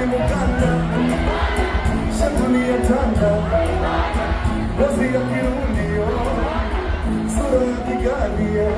ni Muganda, shepu ni ya Tanga, ngozi ya Kirundi, sura ya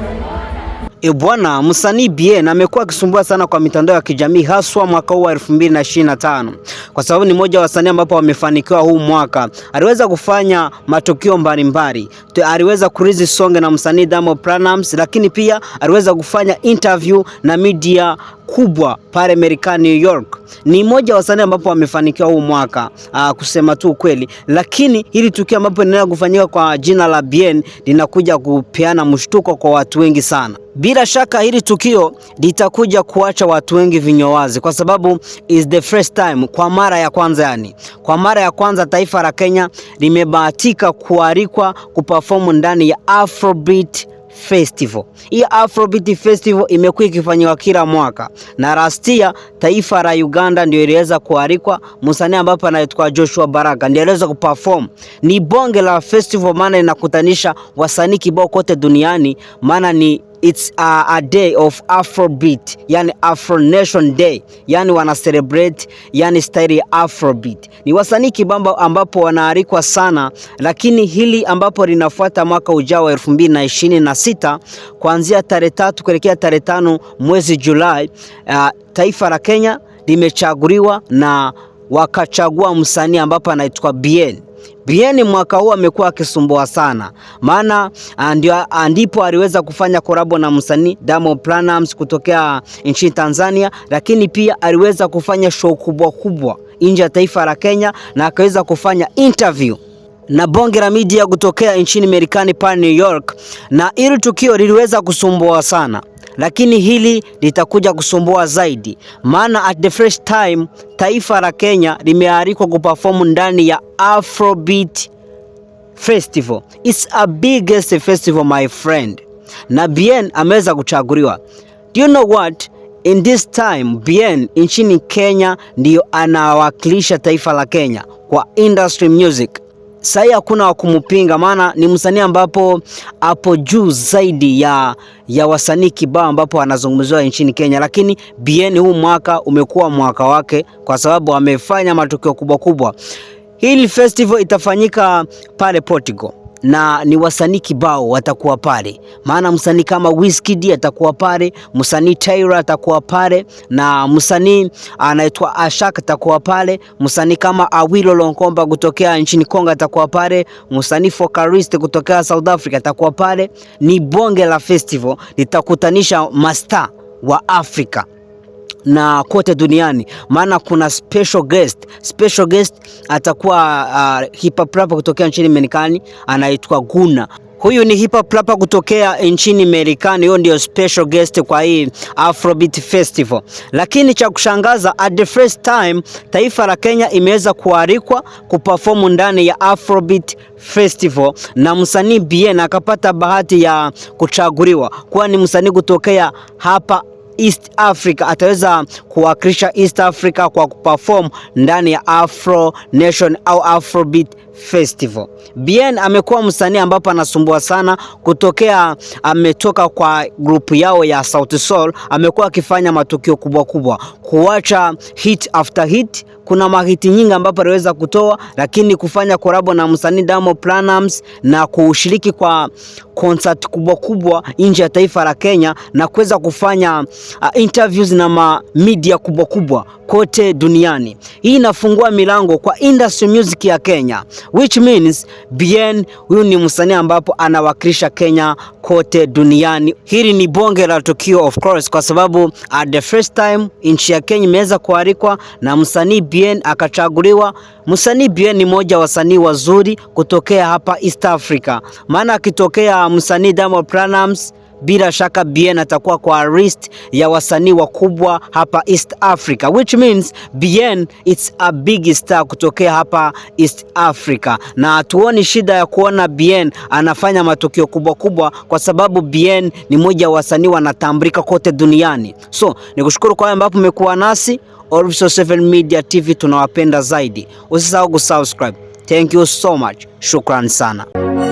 E bwana, msanii Bien amekuwa akisumbua sana kwa mitandao ya kijamii haswa mwaka huu wa 2025 kwa sababu ni mmoja wa wasanii ambapo wamefanikiwa huu mwaka. Aliweza kufanya matukio mbalimbali, aliweza kurizi songe na msanii Diamond Platnumz, lakini pia aliweza kufanya interview na media kubwa pale Amerika New York. Ni mmoja wa wasanii ambapo wamefanikiwa huu mwaka uh, kusema tu ukweli, lakini hili tukio ambapo inaenda kufanyika kwa jina la Bien linakuja kupeana mshtuko kwa watu wengi sana. Bila shaka hili tukio litakuja kuacha watu wengi vinywa wazi, kwa sababu is the first time, kwa mara ya kwanza yani, kwa mara ya kwanza taifa la Kenya limebahatika kualikwa kuperform ndani ya Afrobeat Festival. Hii Afrobeat Festival imekuwa ikifanywa kila mwaka na rastia taifa la Uganda ndio iliweza kualikwa, msanii ambapo anaitwa Joshua Baraka ndio aliweza kuperform. Ni bonge la festival, maana inakutanisha wasanii kibao kote duniani, maana ni It's a, a day of Afrobeat, yani Afro Nation Day, yani wana celebrate yani style ya Afrobeat. Ni wasanii kibamba ambapo wanaalikwa sana, lakini hili ambapo linafuata mwaka ujao wa 2026 kuanzia tarehe tatu kuelekea tarehe tano mwezi Julai, uh, taifa la Kenya limechaguliwa na wakachagua msanii ambapo anaitwa Bien. Bien mwaka huu amekuwa akisumbua sana, maana ah, ndio ah, ndipo aliweza kufanya korabo na msanii Diamond Platnumz kutokea nchini Tanzania, lakini pia aliweza kufanya show kubwa kubwa nje ya taifa la Kenya na akaweza kufanya interview na bonge la media kutokea nchini Marekani pale New York, na hili tukio liliweza kusumbua sana lakini hili litakuja kusumbua zaidi, maana at the first time taifa la Kenya limealikwa kuperform ndani ya Afrobeat Festival. It's a biggest festival my friend, na Bien ameweza kuchaguliwa. Do you know what? In this time Bien nchini Kenya ndiyo anawakilisha taifa la Kenya kwa industry music. Sahii hakuna wa kumupinga, maana ni msanii ambapo hapo juu zaidi ya, ya wasanii kibao ambapo anazungumziwa nchini Kenya, lakini Bien huu mwaka umekuwa mwaka wake kwa sababu amefanya matukio kubwa kubwa. Hili festival itafanyika pale Portugal na ni wasanii kibao watakuwa pale, maana msanii kama Wizkid atakuwa pale, msanii Tyra atakuwa pale, na msanii anaitwa Ashak atakuwa pale, msanii kama Awilo Longomba kutokea nchini Kongo atakuwa pale, msanii Fokarist kutokea South Africa atakuwa pale. Ni bonge la festival litakutanisha masta wa Afrika na kote duniani, maana kuna special guest. Special guest atakuwa uh, hip hop rapper kutokea nchini Marekani anaitwa Guna. Huyu ni hip hop rapper kutokea nchini Marekani, huyo ndio special guest kwa hii Afrobeat Festival. Lakini cha kushangaza, at the first time taifa la Kenya imeweza kualikwa kuperform ndani ya Afrobeat Festival na msanii Bien akapata bahati ya kuchaguliwa kuwa ni msanii kutokea hapa East Africa, ataweza kuwakilisha East Africa kwa kuperform ndani ya Afro Nation au Afrobeat Festival. Bien amekuwa msanii ambapo anasumbua sana kutokea ametoka kwa grupu yao ya Sauti Sol, amekuwa akifanya matukio kubwa kubwa, kuacha hit after hit. Kuna mahiti nyingi ambapo aliweza kutoa, lakini kufanya korabo na msanii Diamond Platnumz na kushiriki kwa concert kubwa kubwa nje ya taifa la Kenya na kuweza kufanya uh, interviews na ma media kubwa kubwa kote duniani. Hii inafungua milango kwa industry music ya Kenya which means Bien huyu ni msanii ambapo anawakilisha Kenya kote duniani. Hili ni bonge la tukio of course, kwa sababu at uh, the first time nchi ya Kenya imeweza kualikwa na msanii Bien akachaguliwa. Msanii Bien ni mmoja wasanii wazuri kutokea hapa East Africa, maana akitokea msanii Diamond Platnumz bila shaka Bien atakuwa kwa list ya wasanii wakubwa hapa East Africa, which means Bien it's a big star kutokea hapa East Africa, na hatuoni shida ya kuona Bien anafanya matukio kubwa kubwa, kwa sababu Bien ni mmoja wa wasanii wanatambulika kote duniani. So nikushukuru kwa ambapo umekuwa nasi Olivisoro 7 Media TV, tunawapenda zaidi. Usisahau kusubscribe. Thank you so much, shukran sana.